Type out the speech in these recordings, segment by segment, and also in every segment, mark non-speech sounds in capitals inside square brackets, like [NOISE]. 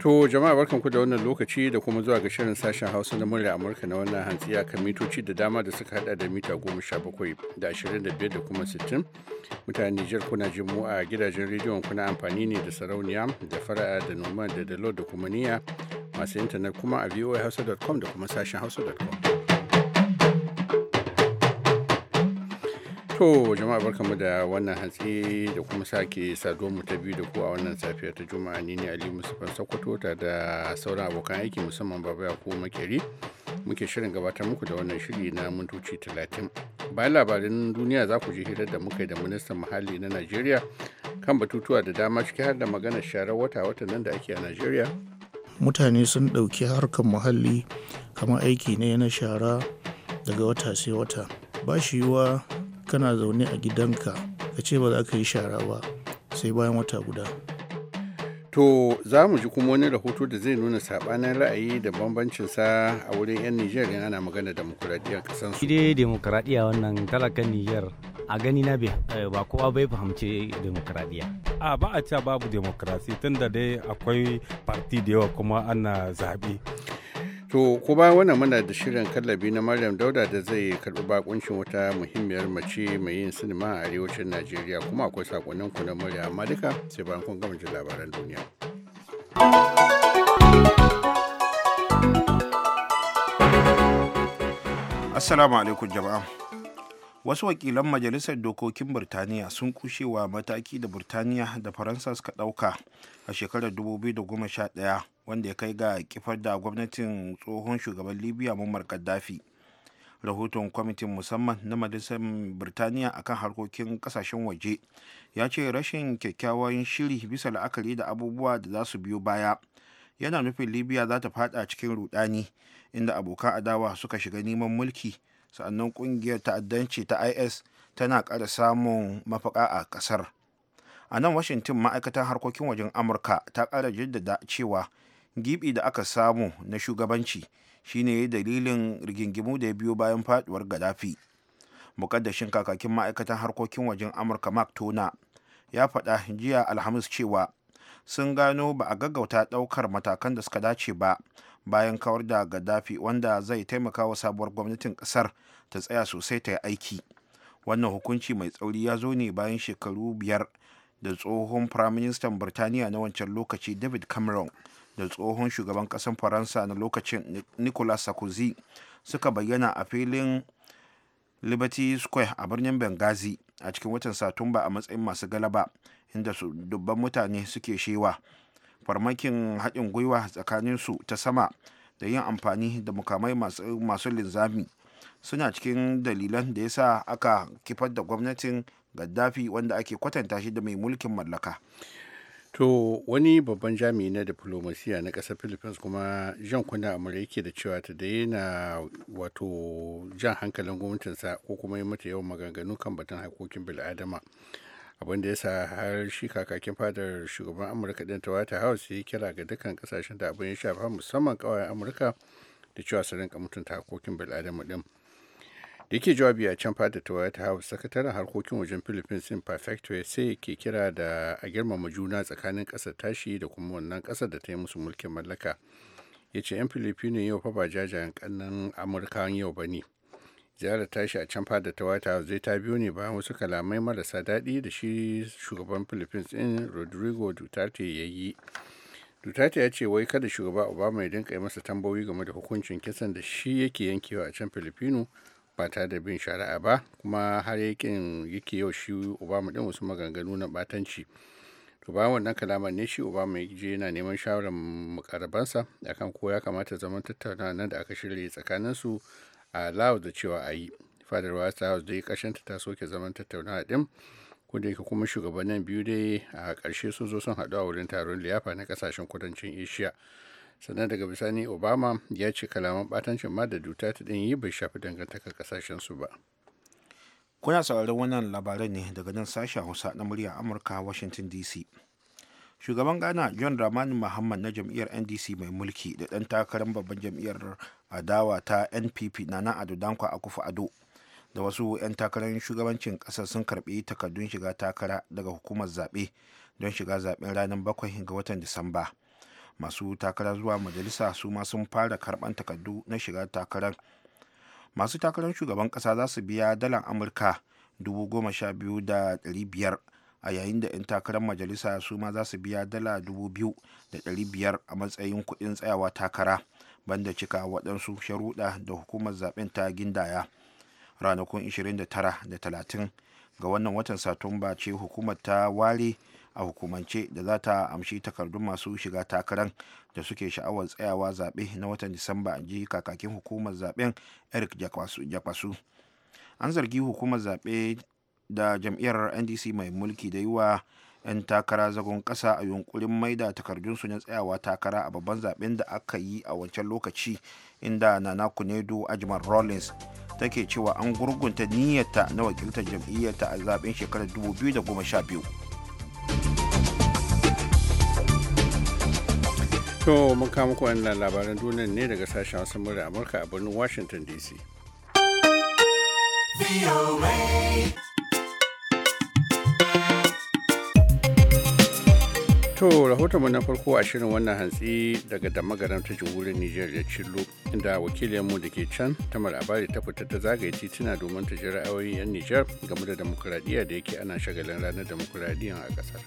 To jama'a barkanku da wannan lokaci da kuma zuwa ga shirin sashen Hausa na murya Amurka na wannan hantsi kan mitoci da dama da suka hada da mita goma sha bakwai da ashirin da biyar da kuma sittin. Mutanen Nijar kuna jin mu a gidajen rediyon kuna amfani ne da sarauniya da fara'a da noma da dalo da kuma niyya masu intanet kuma a voahausa.com da kuma sashen hausa.com. To jama'a barkamu da wannan hantsi da kuma sake saduwar mu ta biyu da ku a wannan safiya ta juma'a ni ne Ali Musamman, Sokoto ta da sauran abokan aiki musamman Baba Yakubu Makeri muke shirin gabatar muku da wannan shiri na mintoci talatin. Bayan labarin duniya za ku ji hirar da muka yi da ministan muhalli na Najeriya kan batutuwa da dama ciki har da maganar sharar wata wata nan da ake a Najeriya. Mutane sun ɗauki harkar muhalli kamar aiki ne na shara daga wata sai wata. Ba shi yiwuwa kana zaune a gidanka ka ce ba za ka yi shara ba sai bayan wata guda to za mu ji kuma wani rahoto da zai nuna sabanin ra'ayi da bambancin sa a wurin 'yan nijar in ana magana demokuraɗiyyar kasan su Idai demokuraɗiyya wannan talakan nijar a gani na eh, ba kowa bai fahimci demokuraɗiyya a ba a ca babu demokrasi tunda dai akwai parti da yawa kuma ana zaɓe To, ko ba wannan muna da shirin kallabi na Maryam Dauda da zai karɓi bakuncin wata muhimmiyar mace mai yin sinima a arewacin Najeriya kuma akwai sakonnin ku na murya amma duka sai bayan kun gama jin labaran duniya. Assalamu alaikum jama'a. Wasu wakilan Majalisar Dokokin Birtaniya sun kushewa mataki da Birtaniya da Faransa suka ɗauka a shekarar 2011 wanda ya kai ga kifar da gwamnatin tsohon shugaban libya muammar gaddafi rahoton kwamitin musamman na majalisar birtaniya a kan harkokin kasashen waje ya ce rashin kyakkyawan shiri bisa la'akari da abubuwa da za su biyo baya yana nufin libya za ta fada cikin rudani inda abokan adawa suka shiga neman mulki sa'annan kungiyar ta'addanci ta is tana kara samun mafaka a kasar a nan washington ma'aikatan harkokin wajen amurka ta kara jaddada cewa gibi da aka samu na shugabanci shine dalilin rigingimu da ya biyo bayan faduwar gaddafi mukaddashin kakakin ma'aikatan harkokin wajen amurka mark tona ya faɗa jiya alhamis cewa sun gano ba a gaggauta ɗaukar matakan da suka dace ba bayan kawar da gaddafi wanda zai taimaka wa sabuwar gwamnatin ƙasar ta tsaya sosai ta yi aiki wannan hukunci mai tsauri ya zo ne bayan shekaru biyar da tsohon firaministan birtaniya na wancan lokaci david cameron da tsohon shugaban ƙasar faransa na lokacin nicolas sarkozy suka bayyana a filin liberty square a birnin benghazi a cikin watan satumba a matsayin masu galaba inda su dubban mutane suke shewa farmakin haɗin gwiwa tsakanin su ta sama da yin amfani da mukamai masu linzami suna cikin dalilan da ya sa aka kifar da gwamnatin gaddafi wanda ake kwatanta shi da mai mulkin mallaka To wani babban jami'i na diplomasiya na ƙasar Philippines kuma jan kunna Amurka yake da cewa ta daina wato jan hankalin gwamnatinsa ko kuma yi mata yawan maganganu kan batun hakokin bil'adama. da ya sa har shi kakakin fadar shugaban amurka ɗin ta white house ya kira ga dukkan kasashen da abin ya shafa musamman kawai amurka da cewa su rinka mutunta hakokin bil'adama ɗin. da yake jawabi a can fada ta white house sakataren harkokin wajen philippines din perfecto ya sai ke kira da a girmama juna tsakanin kasar tashi da kuma wannan kasar da ta yi musu mulkin mallaka ya ce 'yan philippines yau fa ba jajayen kannan amurka yau ba ne ziyarar tashi a can fada ta white house zai ta biyo ne bayan wasu kalamai marasa daɗi da shi shugaban philippines din rodrigo duterte ya yi duterte ya ce wai kada shugaba obama ya dinka yi masa tambayoyi game da hukuncin kisan da shi yake yankewa a can filipino ba tare da bin shari'a ba kuma har yakin yake yau shi obama din wasu maganganu na batanci to bayan wannan kalaman ne shi obama ya je yana neman shawarar mukarabansa akan ko ya kamata zaman tattaunawa nan da aka shirya tsakanin su a laos da cewa a yi fadar white house dai kashanta ta soke zaman tattaunawa din da yake kuma shugabannin biyu dai a ƙarshe sun zo sun haɗu a wurin taron liyafa na ƙasashen kudancin asia sannan daga bisani obama ya ce kalaman batancin ma da duta ta din yi bai shafi dangantaka kasashen su ba kuna sauraron wannan labarai ne daga nan sashen hausa na murya amurka washington dc shugaban ghana john ramani muhammad na jam'iyyar ndc mai mulki da ɗan takarar babban jam'iyyar adawa ta npp na nana ado dankwa akufa ado da wasu 'yan takarar shugabancin ƙasar sun karɓi takardun shiga takara daga hukumar zaɓe don shiga zaɓen ranar bakwai ga watan disamba masu takara zuwa majalisa su ma sun fara karban takardu na shiga takarar masu takarar shugaban kasa za su biya dalar amurka 12,500 a yayin da 'yan takarar majalisa su ma za su biya dala 2,500 a matsayin kuɗin tsayawa takara banda cika waɗansu sharuɗa da hukumar zaɓen ta gindaya ranakun 29 da 30 ga wannan watan satumba ce hukumar ta ware a hukumance da za ta amshi takardun masu shiga takarar da suke sha'awar tsayawa zaɓe na watan disamba a ji kakakin hukumar zaɓen eric jakwasu an zargi hukumar zaɓe da jam'iyyar ndc mai mulki da yi wa 'yan takara zagon ƙasa a yunkurin maida su na tsayawa takara a babban zaɓen da aka yi a wancan lokaci inda nana kunedu ajman rollins take cewa an gurgunta niyyarta na wakiltar jam'iyyarta a zaɓen shekarar 2012 To mun kama muku wannan labaran duniyar ne daga sashen Hausa murya Amurka a birnin Washington DC. To rahotonmu na farko a shirin wannan hantsi daga damagaram ta jamhuriyar Nijar da Cillo inda wakilinmu da ke can Tamar Abari ta fita ta zagaye tituna domin ta jira ra'ayoyin 'yan Nijar game da demokuraɗiyya da yake ana shagalin ranar demokuraɗiyya a kasar.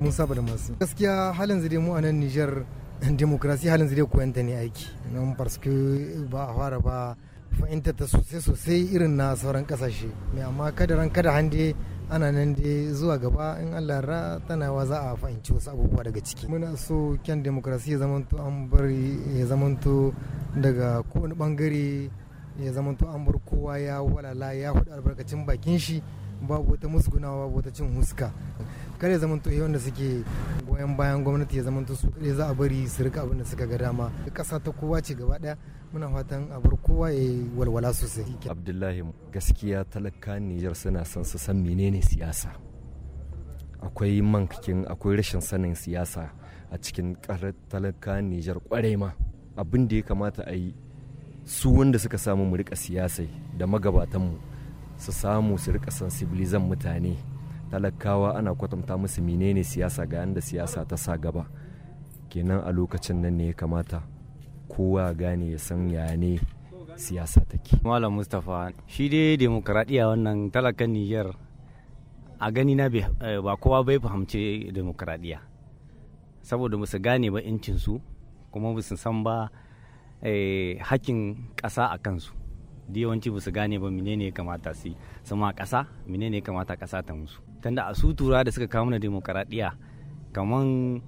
Musa masu. Gaskiya halin zai mu a nan Nijar [LAUGHS] demokrasi halin zai koyanta ne aiki. Nan farsku ba a fara ba fahimta ta sosai sosai irin na sauran kasashe. Mai amma kada ran kada hande ana nan dai zuwa gaba in allah ra tana wa za a fahimci wasu abubuwa daga ciki muna so kyan demokrasi ya zamanto an bari ya zamanto daga kowane bangare ya zamanto an bar kowa ya walala ya hudu albarkacin bakin shi babu wata musgunawa babu wata cin huska kar ya zamanto yawan eh, da suke goyon bayan gwamnati ya zamanto su kare za a bari su rika abin da suka ga dama kasa ta kowa ce gaba ɗaya muna fatan a bar kowa ya walwala sosai abdullahi gaskiya talaka nijar suna son su san menene siyasa akwai mankakin akwai rashin sanin siyasa a cikin talaka nijar kwarai ma abin da ya kamata a yi su wanda suka samu mu rika siyasa da magabatanmu su samu su rika sensibilizan mutane talakawa ana kwatanta musu menene siyasa ga yanda siyasa ta sa gaba kenan a lokacin nan ne ya kamata kowa gane ya san ya ne siyasa take. Malam Mustapha shi dai demokaradiyya wannan talakan Niger a gani na eh, ba kowa bai fahimci demokaradiyya saboda ba gane ba su kuma ba su san ba eh, hakkin ƙasa a kansu yawanci ba su gane ba menene ya kamata su sama ƙasa menene ya kamata ƙasa ta musu tanda a su tura da suka kawo na demokaradiyya kaman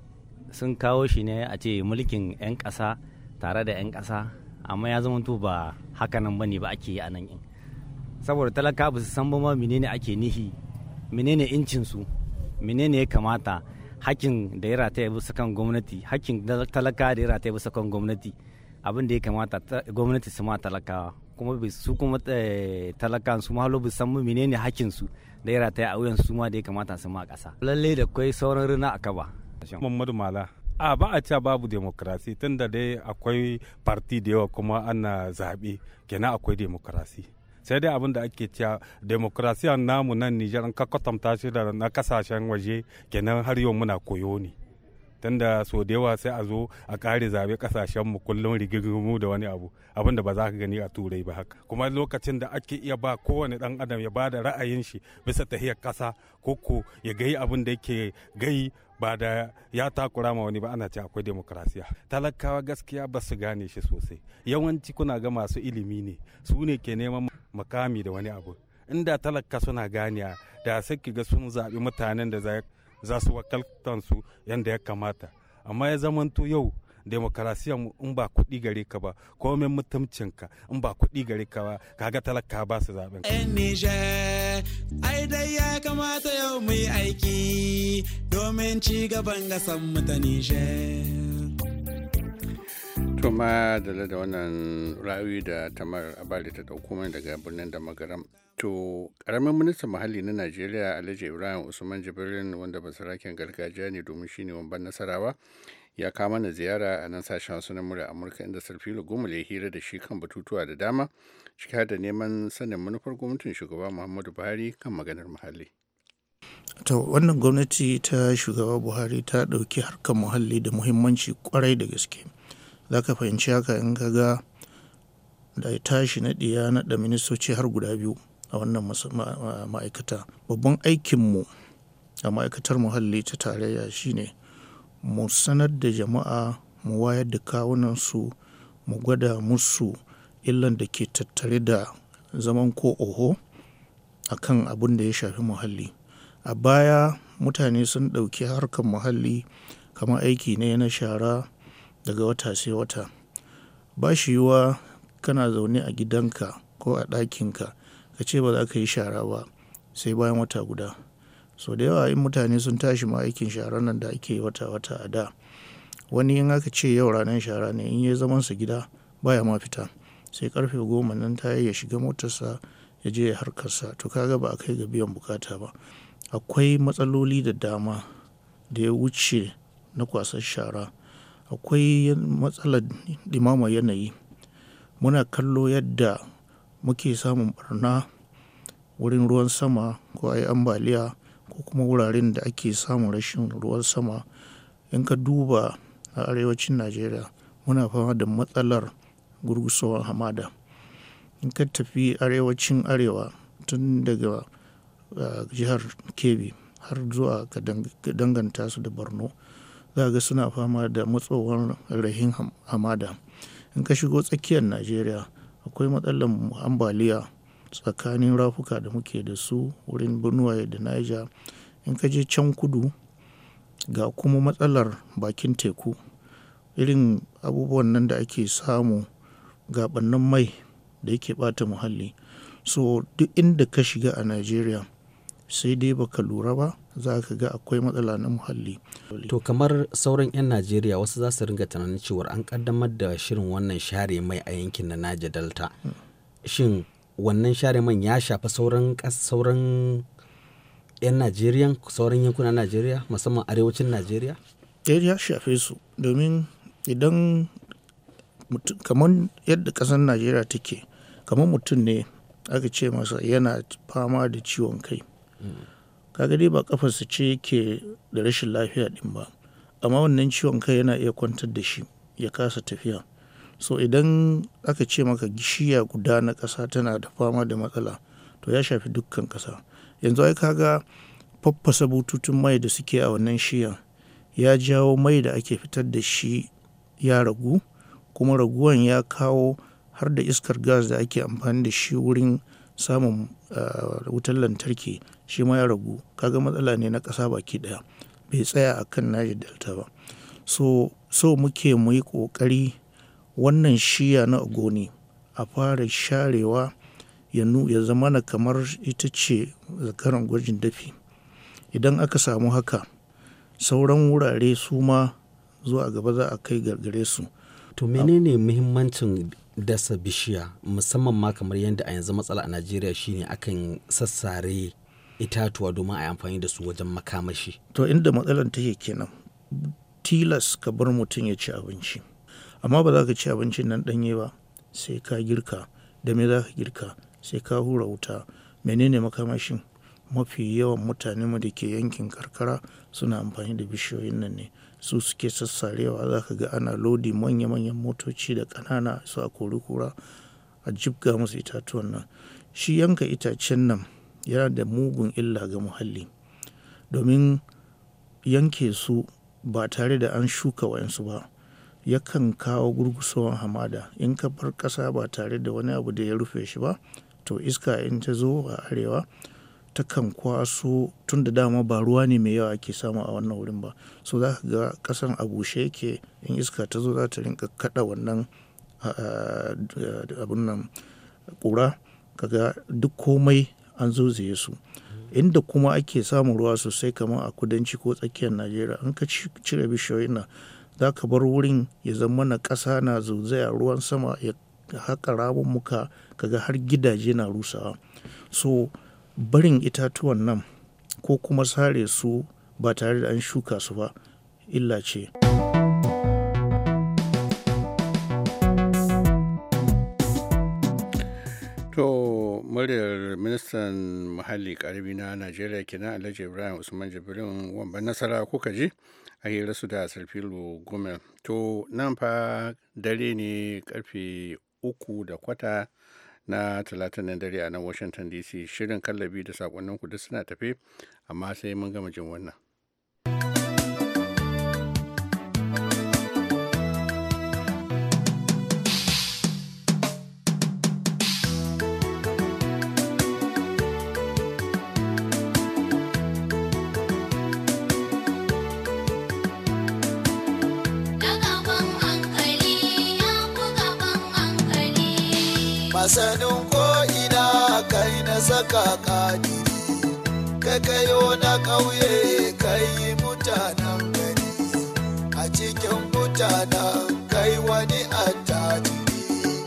sun kawo shi ne a ce mulkin 'yan ƙasa tare da 'yan ƙasa amma ya zama ba haka nan bane ba ake yi a nan in saboda talaka ba su san ba menene ake nihi menene incin su menene ya kamata hakkin da ya rataya bisa kan gwamnati hakkin talaka da ya rataya bisa kan gwamnati abin da ya kamata gwamnati su ma talakawa kuma su kuma eh, talaka su mahalo bu san menene hakkin su da ya rataya a wuyan su ma da ya kamata su ma ƙasa lalle da kwai sauran rina a kaba Muhammadu Mala a ba a cewa babu demokrasi tunda dai akwai parti da yawa kuma ana zaɓe kenan akwai demokrasi sai dai abin da ake cewa demokrasiya namu nan nijar an kakwatamta shi da na kasashen waje kenan har yau muna koyo ne tunda so da yawa sai a zo a kare zabe kasashen mu kullum rigingimu da wani abu abin da ba za ka gani a turai ba haka kuma lokacin da ake iya ba kowane dan adam ya ba da ra'ayin shi bisa tahiyar kasa ko ko ya gai abin da yake gai ba da ya takura ma wani ba ana ce akwai demokrasiya talakawa gaskiya ba su gane shi sosai yawanci kuna ga masu ilimi ne su ne ke neman makami da wani abu inda talaka suna gane da sai ga sun zaɓi mutanen da za su wakaltansu yadda ya kamata amma ya zamantu yau demokarasiya in ba kuɗi gare ka ba komai mutumcin ka in ba kuɗi gare ka ba kaga talaka ba su zaben ka ai dai ya kamata yau mu yi aiki domin ci gaban gasan mu ta tuma da da wannan ra'ayi da tamar abali ta dauko mai daga birnin da magaram to karamin ministan muhalli na najeriya alhaji ibrahim usman jibrin wanda basaraken gargajiya ne domin shine wamban nasarawa ya kama na ziyara a nan sashen wasu na murya amurka inda sarfilo gumul ya hira da shi kan batutuwa da dama ciki da neman sanin manufar gwamnatin shugaba muhammadu buhari kan maganar muhalli to wannan gwamnati ta shugaba buhari ta ɗauki harkar muhalli da muhimmanci kwarai da gaske za ka fahimci haka in ka ga da tashi ɗiya na naɗa ministoci har guda biyu a wannan ma'aikata babban aikin mu a ma'aikatar muhalli ta tarayya shine mu sanar da jama'a mu wayar da kawunansu mu gwada musu illan da ke tattare da zaman ko oho a kan abin da ya shafi muhalli a baya mutane sun ɗauki harkar muhalli kamar aiki ne na shara daga wata sai wata ba shi yiwuwa kana zaune a gidanka ko a ɗakinka ka ce ba za ka yi shara ba sai bayan wata guda so da yawa in mutane sun tashi ma aikin sharan nan da ake wata-wata a da wani in aka ce yau ranar shara ne in ya zaman su gida baya ma fita sai karfe goma nan ta ya shiga motarsa ya je harkarsa to kaga ba a kai ga biyan bukata ba akwai matsaloli da dama da ya wuce na kwasar shara akwai matsalar dimama yanayi muna kallo yadda muke samun barna wurin ruwan sama ko ai ambaliya ko kuma wuraren da ake samun rashin ruwan sama in ka duba a arewacin najeriya muna fama da matsalar gurgusowar hamada in ka tafi arewacin arewa tun daga jihar kebbi har zuwa ka danganta su da borno za ga suna fama da matsowar rahin hamada in ka shigo tsakiyar najeriya akwai matsalar ambaliya tsakanin rafuka da muke da su wurin benue da niger in ka je can kudu ga kuma matsalar bakin teku irin abubuwan nan da ake samu gabannin mai da yake bata muhalli so duk inda ka shiga a nigeria sai dai baka lura ba za ka ga akwai matsala na muhalli to kamar sauran 'yan najeriya wasu za su ringa tunanin cewar an kaddamar da shirin wannan share mai a yankin na naja delta hmm. shin wannan share man ya shafi sauran sauran 'yan najeriya sauran yankunan najeriya musamman arewacin najeriya eh, ya shafe su domin idan kamar yadda ƙasar najeriya take kamar mutum ne aka ce masa yana fama da ciwon kai hmm. kaga dai ba kafarsa ce yake da rashin lafiya din ba amma wannan ciwon kai yana iya kwantar da shi ya kasa tafiya so idan aka ce maka gishiya guda na ƙasa tana da fama da matsala to ya shafi dukkan ƙasa yanzu ai ka ga faffasa bututun mai da suke a wannan shiyan ya jawo mai da ake fitar da shi ya ragu kuma raguwan ya kawo har da iskar gas da ake amfani da shi wurin samun ah, wutar lantarki shi ma ya ragu kaga matsala ne na ƙasa baki ɗaya bai tsaya a kan naji delta ba so so muke mu yi ƙoƙari wannan shiya na ogoni a fara sharewa ya zama na kamar ita ce zakaran gwajin dafi idan aka samu haka sauran wurare su ma zuwa gaba za a kai gargare su to menene muhimmancin dasa bishiya musamman ma kamar yadda a yanzu matsala a najeriya shine akan sassare itatuwa domin a yi amfani da su wajen makamashi to inda matsalar take kenan tilas ka bar mutum ya ci abinci amma ba za ka ci abincin nan ɗanye ba sai ka girka da me za ka girka sai ka hura wuta menene makamashin mafi yawan mutane da ke yankin karkara suna amfani da bishiyoyin nan ne su suke sassarewa za ka ga ana lodi manya-manyan motoci da ƙanana su a kura a jibga musu itatuwan nan shi yanka itacen nan yana da mugun illa ga muhalli domin yanke su ba tare da an shuka wayansu ba yakan kawo gurgusowar hamada in ka bar ƙasa ba tare da wani abu da ya rufe shi ba to iska in ta zo a arewa ta takan kwaso tun da dama ba ruwa ne mai yawa ake samu a wannan wurin ba so za ka ga ƙasan a bushe yake in iska ta zo za ta rinka kaɗa wannan abun nan ka ga duk komai an zozaye su inda kuma ake samun ruwa sosai kamar a kudanci ko tsakiyar najeriya an ka cire bishiyoyin nan za ka bar wurin ya zama na ƙasa na zuzaya ruwan sama ya haƙa ka kaga har gidaje na rusawa so barin itatuwan nan ko kuma sare su ba tare da an shuka su ba illa ce. muryar ministan muhalli karbi na najeriya kenan alhaji ibrahim usman jibrin wamban nasara kuka ji a hira su da sarfilo gomel to nan fa dare ne karfe uku da kwata na talatin dare a nan washington dc shirin kallabi da sakonnin duk suna tafe amma sai mun gama jin wannan ƙauye kai mutanen gari a cikin mutanen kai wani attajiri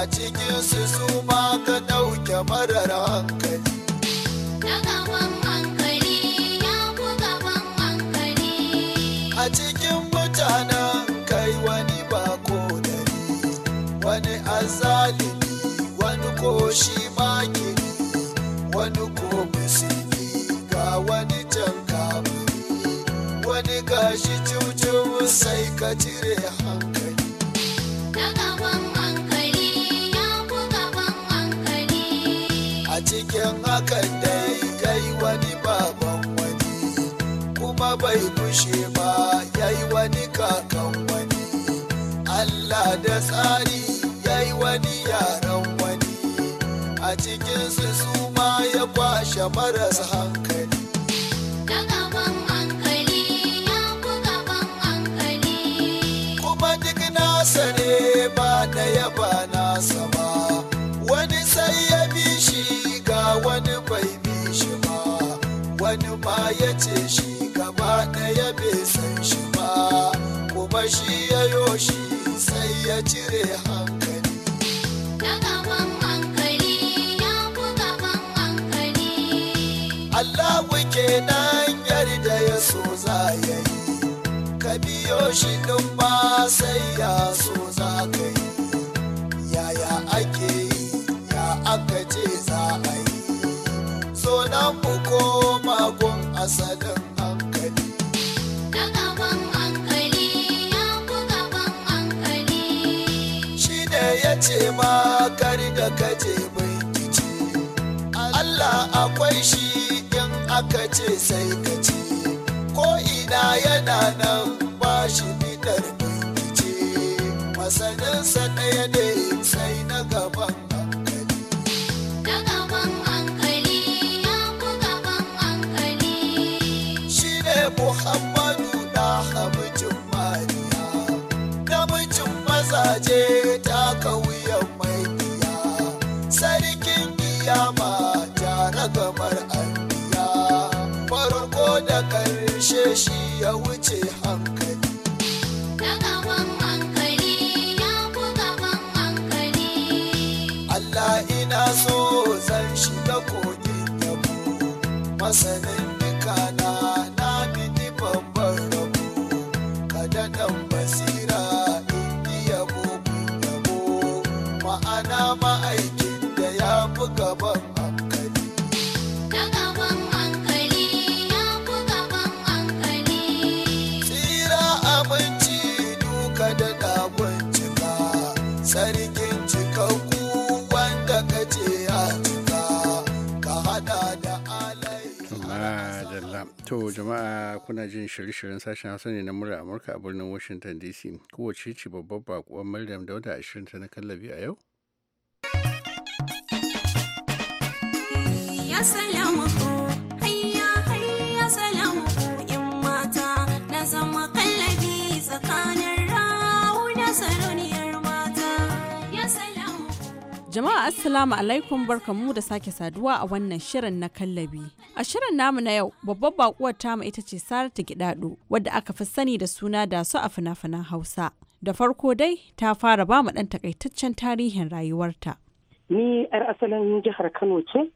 a cikin su su ma ka ɗauke marar hankali. hankali. ka cire hankali ya fi gaban hankali a cikin hakan dai kai wani baban wani kuma bai kushe ba yayi wani kakan wani Allah da tsari yayi wani yaran wani a cikin su ma ya kwashe maras hankali nasa ba ɗaya ba nasa ba wani sai ya bi shi ga wani bai bi shi ba wani ma ya ce shi gaba ɗaya bai san shi ba kuma shi ya yo shi sai ya cire hankali Allah wuke nan yarda ya so za ya yi ka biyo shi ɗin ba sai ya so za ka yi yaya ake yi ya aka ce za a yi so na ku koma gun asalin hankali ya ce ma kar da je mai kici Allah akwai shi in aka ce sai ka ce ko ina yana nan tashi bidar rikice masaninsa ɗaya ne sai na gaban hankali. Na gaban hankali ya gaban hankali. Shi ne Muhammadu na hamijin mariya, namijin mazaje ta kauyen mai biya, sarkin iyama jara gamar anbiya, farko da karshe shi ya wuce said jama'a kuna jin shirye-shiryen sashen hausa ne na murar amurka a birnin washington dc kowace ce babbar bakuwar maryam dauda ashirin ta na kallabi a yau Jama'a Assalamu alaikum barkamu da sake saduwa a wannan shirin na kallabi. A shirin namu na yau babbar bakuwar tamu ita ce Saratu Gidado wadda aka fi sani da suna da su a fina-finan Hausa. Da farko dai ta fara ba mu ɗan takaitaccen tarihin rayuwarta. Ni 'yar asalin jihar Kano ce,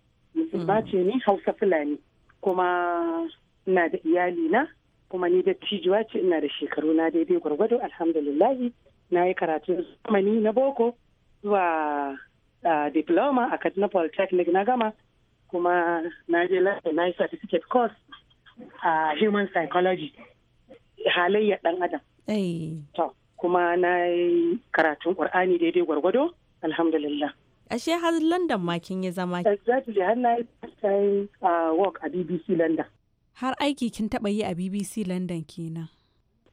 ba mm. ce ni Hausa Fulani kuma na da iyali na kuma ni da tijuwa ce ina da shekaru na daidai gwargwado alhamdulillahi na yi karatun zamani na boko zuwa A diploma a Kaduna Polytechnic na gama kuma na je lafiya na yi certificate course a human psychology halayya dan adam. To, kuma na yi karatun ƙur'ani daidai gwargwado alhamdulillah. Ashe har London ma kin yi zama. Exactly har na yi work a BBC London. Har aiki kin taɓa yi a BBC London kenan.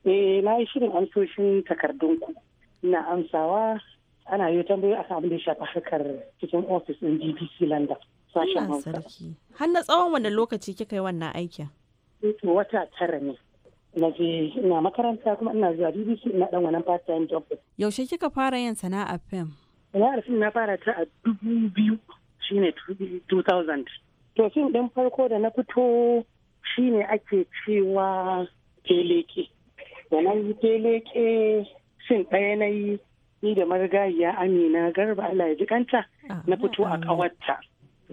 Eh na yi shirin amsoshin takardunku. Ina amsawa ana yi tambayi a abin da ya shafi harkar cikin ofis ɗin BBC London sashen Har na tsawon wani lokaci kika yi wannan aikin? To wata tara ne. Na je ina makaranta kuma ina zuwa BBC ina dan wannan part time job. Yaushe kika fara yin sana'a fim? Sana'ar fim na fara ta a dubu biyu shine 2000. To fim ɗin farko da na fito shine ake cewa teleke. Da na yi teleke fim ɗaya na yi ni da marigayiya amina garba Allah ya jikanta na fito a kawarta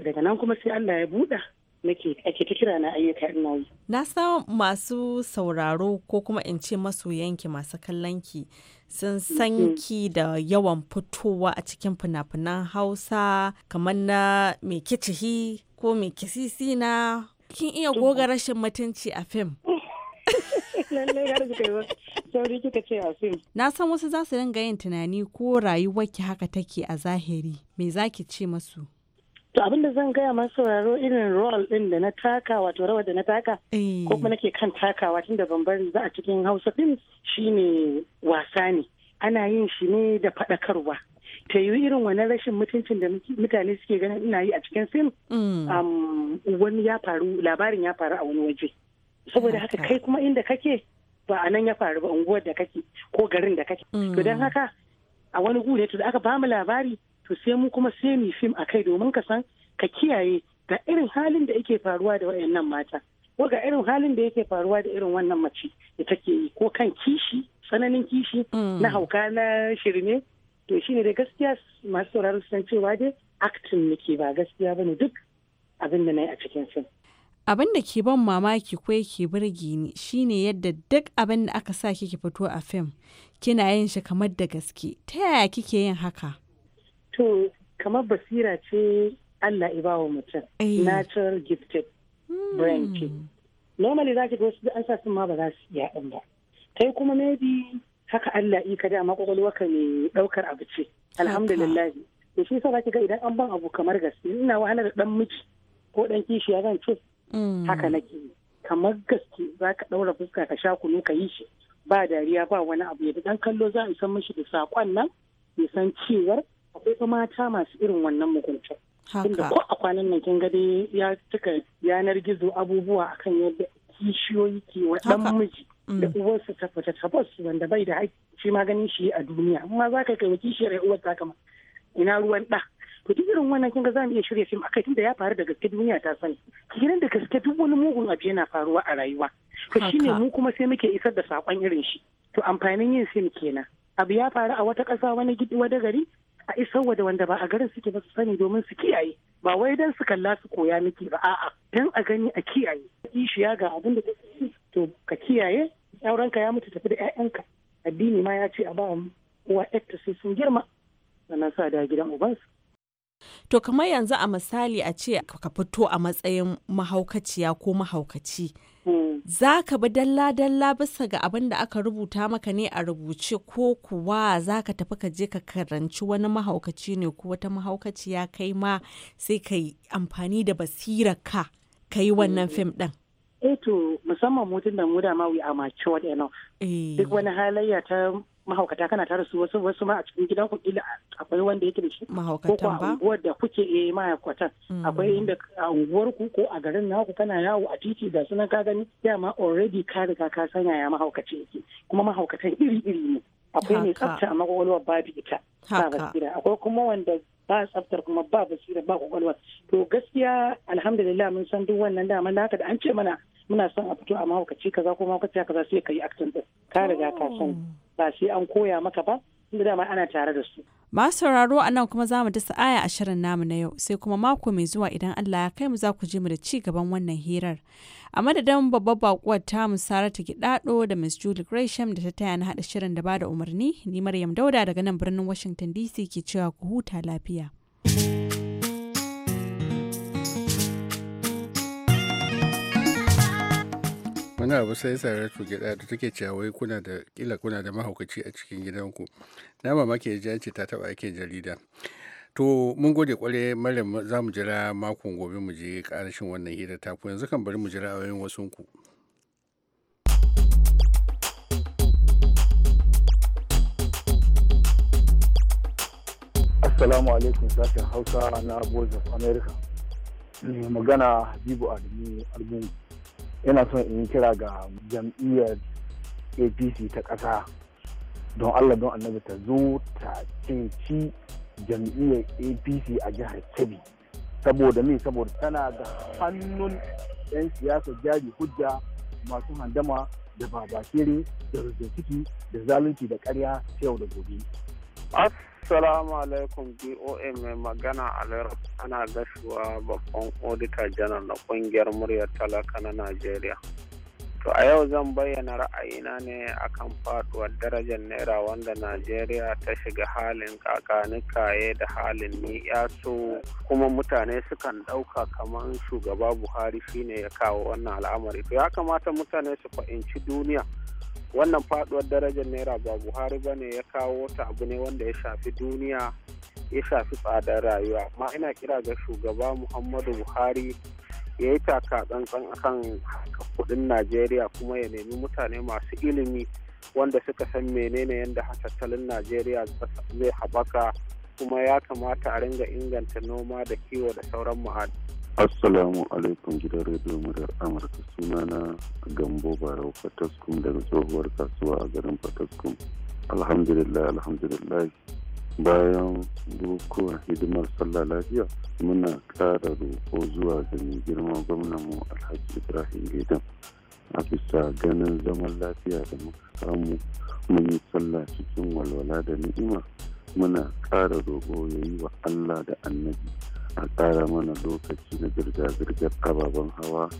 daga nan kuma sai Allah ya buɗa nake ake ta kira na ayyuka ina yi na san masu sauraro ko kuma in ce masu yanki masu kallonki sun san mm-hmm. ki da yawan fitowa a cikin fina-finan hausa kamar na mai kicihi ko mai kisisi na kin iya goga rashin mutunci a fim [LAUGHS] lallai har yi sauri kika fim. Na san wasu za su dinga yin tunani ko ki haka take a zahiri. Me za ki ce masu? To abin da zan gaya masu sauraro irin rol din da na taka wato rawar da na taka eh. ko kuma nake kan takawa tun da bambam za a cikin Hausa fim shine wasa ne. Ana yin shi ne da faɗakarwa. ta yi irin wani rashin mutuncin da mutane suke ganin ina yi a cikin fim mm. wani ya faru labarin ya faru a wani waje saboda haka kai kuma inda kake ba a nan ya faru ba unguwar da kake ko garin da kake to mm. don haka a wani gure to da aka bamu labari to sai mu kuma sai mu fim a kai domin ka san ka kiyaye ga irin halin da yake faruwa da wayannan mata ko ga irin halin da yake faruwa da irin wannan mace da take yi ko kan kishi tsananin kishi mm. na hauka na shirme to shine da gaskiya masu sauraro san cewa dai acting nake ba gaskiya bane duk abin da nayi a cikin fim. abin da ke ban mamaki ko yake burge ni shine yadda duk abin da aka sa kike fito a fim kina yin shi kamar da gaske ta yaya kike yin haka to kamar basira ce allah ibawa mutum eh. natural gifted brain hmm. ki. normally za ki ga wasu an sa sun ma ba za su iya ba kai kuma maybe haka allah yi ka dama ka ne ɗaukar abu ce alhamdulillah to shi sa za ki ga idan an ban abu kamar gaske ina wahalar ɗan miji ko dan ya zan ce Mm. haka nake kamar gaske za ka ɗaura fuska ka sha kunu ka yi shi ba dariya ba wani abu yadda dan kallo za a san mashi da saƙon nan ya san cewar akwai mata masu irin wannan mugunta tunda ko a kwanan nan kin gade ya cika yanar gizo abubuwa akan yadda kishiyoyi ke wa dan miji mm. da uwarsa ta fita ta bas wanda bai da haƙƙi shi ma ganin shi a duniya amma za ka kai wa kishiyar uwar ta kama ina ruwan ɗa to duk irin wannan kinga za mu iya shirya fim akai tunda ya faru da gaske duniya ta sani kiran da gaske duk wani mugun abu yana faruwa a rayuwa to shine mu kuma sai muke isar da sakon irin shi to amfanin yin fim kenan abu ya faru a wata ƙasa wani gidi wani gari a wa da wanda ba a garin suke ba su sani domin su kiyaye ba wai dan su kalla su koya miki ba a'a dan a gani a kiyaye kishiya ga abin da to ka kiyaye aurenka ya mutu tafi da 'ya'yanka addini ma ya ce a ba uwa ta sai sun girma sannan sa da gidan ubansu To kamar yanzu a misali a ce ka fito a matsayin mahaukaciya ko mahaukaci. Hmm. Za ka bi dalla-dalla bisa ga abin da aka rubuta maka ne a rubuce ko kuwa za ka tafi ka je ka karanci wani mahaukaci ne ko wata mahaukaciya kai ma sai ka yi amfani da basirar ka ka yi wannan hmm. fim ɗin. Eh musamman mutum da mu da ma we are matured eh. Duk wani halayya ta mahaukata kana tare su wasu wasu ma a cikin gidan ku kila akwai wanda yake da shi ko ko unguwar da kuke eh mahaukatan mm. akwai inda a unguwar ku ko a garin naku kana yawo a titi da sunan ka gani dama already ka riga ka sanya ya mahaukaci yake kuma mahaukatan iri iri ne akwai mai tsafta a kwakwalwa babu ita ba basira akwai kuma wanda ba tsaftar kuma ba basira ba kwakwalwa to gaskiya alhamdulillah mun san duk wannan dama naka da an ce mana muna son a fito a mahaukaci kaza ko mahaukaci kaza sai ka yi action din ka riga ka san oh. ba sai an koya maka ba inda dama ana tare da su masu sauraro a nan kuma za mu dasa aya a shirin namu na yau sai kuma mako mai zuwa idan Allah ya kai mu za ku ji mu da ci gaban wannan hirar a madadin babbar bakuwar ta tamu Saratu Gidado da Miss Julie Gresham da ta taya na hada shirin da bada umarni ni Maryam Dauda daga nan birnin Washington DC ke cewa ku huta lafiya wani abu sai saratu gida da take cewa wai kuna da kila kuna da mahaukaci a cikin gidanku na mamaki ya ce ta taba ake jarida to mun gode kware mallam za mu jira makon gobe mu je karashin wannan hira ta ku yanzu kan bari mu jira a wasun ku Assalamu alaikum sashen Hausa na Voice of America. Magana Habibu Adamu Albumu. yana son in kira ga jam'iyyar apc ta ƙasa don allah don annabi ta zo ta ceci jam'iyyar apc a jihar kebbi saboda me saboda tana da hannun 'yan siyasa jari hujja masu handama da babakere da rujjantiki da zalunci da karya yau da gobe Assalamu alaikum BOA mai magana Alhaji ana gashuwa babban odita janar na kungiyar muryar talaka na Najeriya. To a yau zan bayyana ra'ayina ne akan faduwar darajar naira wanda Najeriya ta shiga halin kakanikaye da halin ni'ya so kuma mutane sukan ɗauka kamar shugaba Buhari shine ya kawo wannan al'amari. To ya kamata mutane su fahimci duniya. wannan faduwar darajar naira ba buhari ba ne ya kawo ta abu ne wanda ya shafi duniya ya shafi tsadar rayuwa amma ina kira ga shugaba muhammadu buhari ya yi taka tsantsan akan kudin najeriya kuma ya nemi mutane masu ilimi wanda suka san menene yadda tattalin najeriya zai haɓaka kuma ya kamata a ringa inganta noma da kiwo da sauran muhalli. Assalamu alaikum gidan rediyo murar Amurka suna sunana Gambo Barau Fataskun daga tsohuwar kasuwa a garin Fataskun. Alhamdulillah, alhamdulillah. Bayan bukukuwan hidimar sallah lafiya muna ƙara roƙo zuwa ga mai girma gwamnanmu Alhaji Ibrahim Gidan. A bisa ganin zaman lafiya da muka samu mun yi sallah cikin walwala da ni'ima muna ƙara roƙo ya yi wa Allah da annabi. a ƙara mana lokaci na zirga-zirgar ababen hawa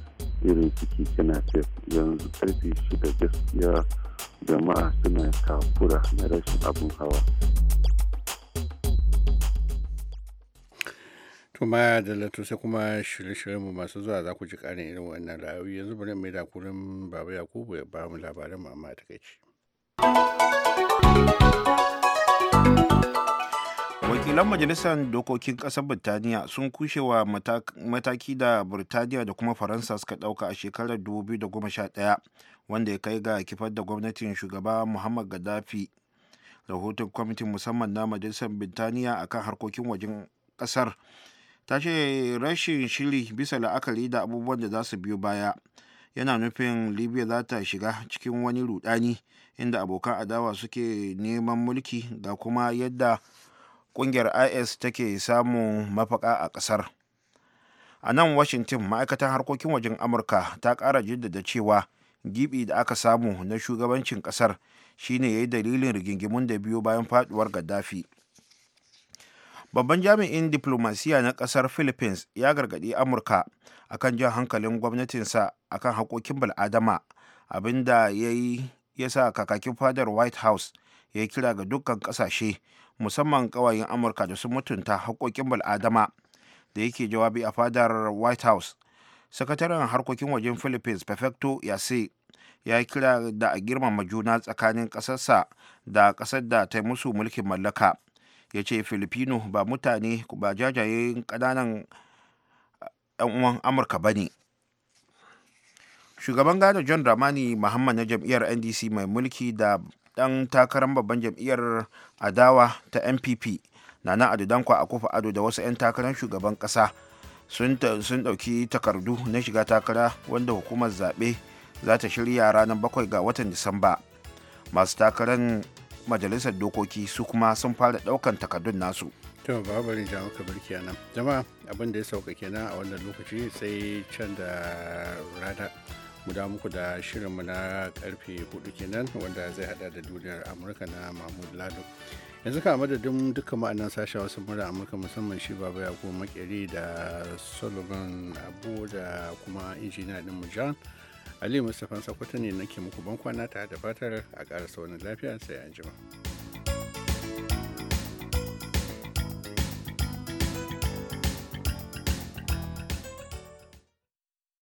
irin ciki kina tef yanzu karfe shida gaskiya jama'a suna kafura na rashin abin hawa kuma da lato sai kuma shirye mu masu zuwa za ku ji ƙarin irin wannan ra'ayoyi yanzu bari mai da kurin baba yakubu ya ba mu labaran mu amma a takaici. wakilan majalisar dokokin kasar birtaniya sun kushe wa mataki da birtaniya da kuma faransa suka dauka a shekarar 2011 wanda ya kai ga kifar da gwamnatin shugaba muhammad gaddafi rahoton kwamitin musamman na majalisar birtaniya a kan harkokin wajen kasar ta ce rashin shiri bisa la'akari da abubuwan da za su biyo baya yana nufin libya za ta shiga cikin wani rudani inda abokan adawa suke neman mulki ga kuma yadda ƙungiyar is take samun mafaka a kasar. a nan washington ma'aikatan harkokin wajen amurka ta kara jaddada cewa gibi da aka samu na shugabancin ƙasar shine ya yi dalilin rigingimun da biyu bayan faduwar gaddafi babban jami'in diplomasiya na kasar philippines ya gargaɗi amurka akan jan hankalin gwamnatinsa akan haƙoƙin bal'adama abinda ya yi ya sa kakakin fadar white house ya kira ga dukkan ƙasashe musamman ƙawayen amurka da sun mutunta haƙoƙin bal'adama da yake jawabi a fadar white house sakataren harkokin wajen philippines perfecto yase ya kira da a girmama juna tsakanin ƙasarsa da ƙasar da ta musu mulkin mallaka ya ce filipino ba mutane ba jajayen ƙananan 'yan uwan amurka ba ne shugaban gado john ramani muhammad na jam'iyyar ndc mai mulki da dan takarar babban jam'iyyar adawa ta npp nana ado dankwa a kofa ado da wasu 'yan takarar shugaban kasa sun ɗauki takardu na shiga takara wanda hukumar zaɓe za ta shirya ranar bakwai ga watan disamba masu takarar majalisar dokoki su kuma sun fara ɗaukan takardun nasu to ba bari jawo ka nan jama'a abin da ya sauka kenan a wannan lokaci sai can da rana mu da muku da shirinmu na karfe hudu kenan wanda zai hada da duniyar amurka na mahmud lado yanzu ka madadin dukkan ma'anan sashen wasu mura amurka musamman shi baba yakubu makeri da solomon abu da kuma injiniya din mu john ali mustapha sakwato ne nake muku ban kwana ta da fatar a karasa wani lafiya sai an jima.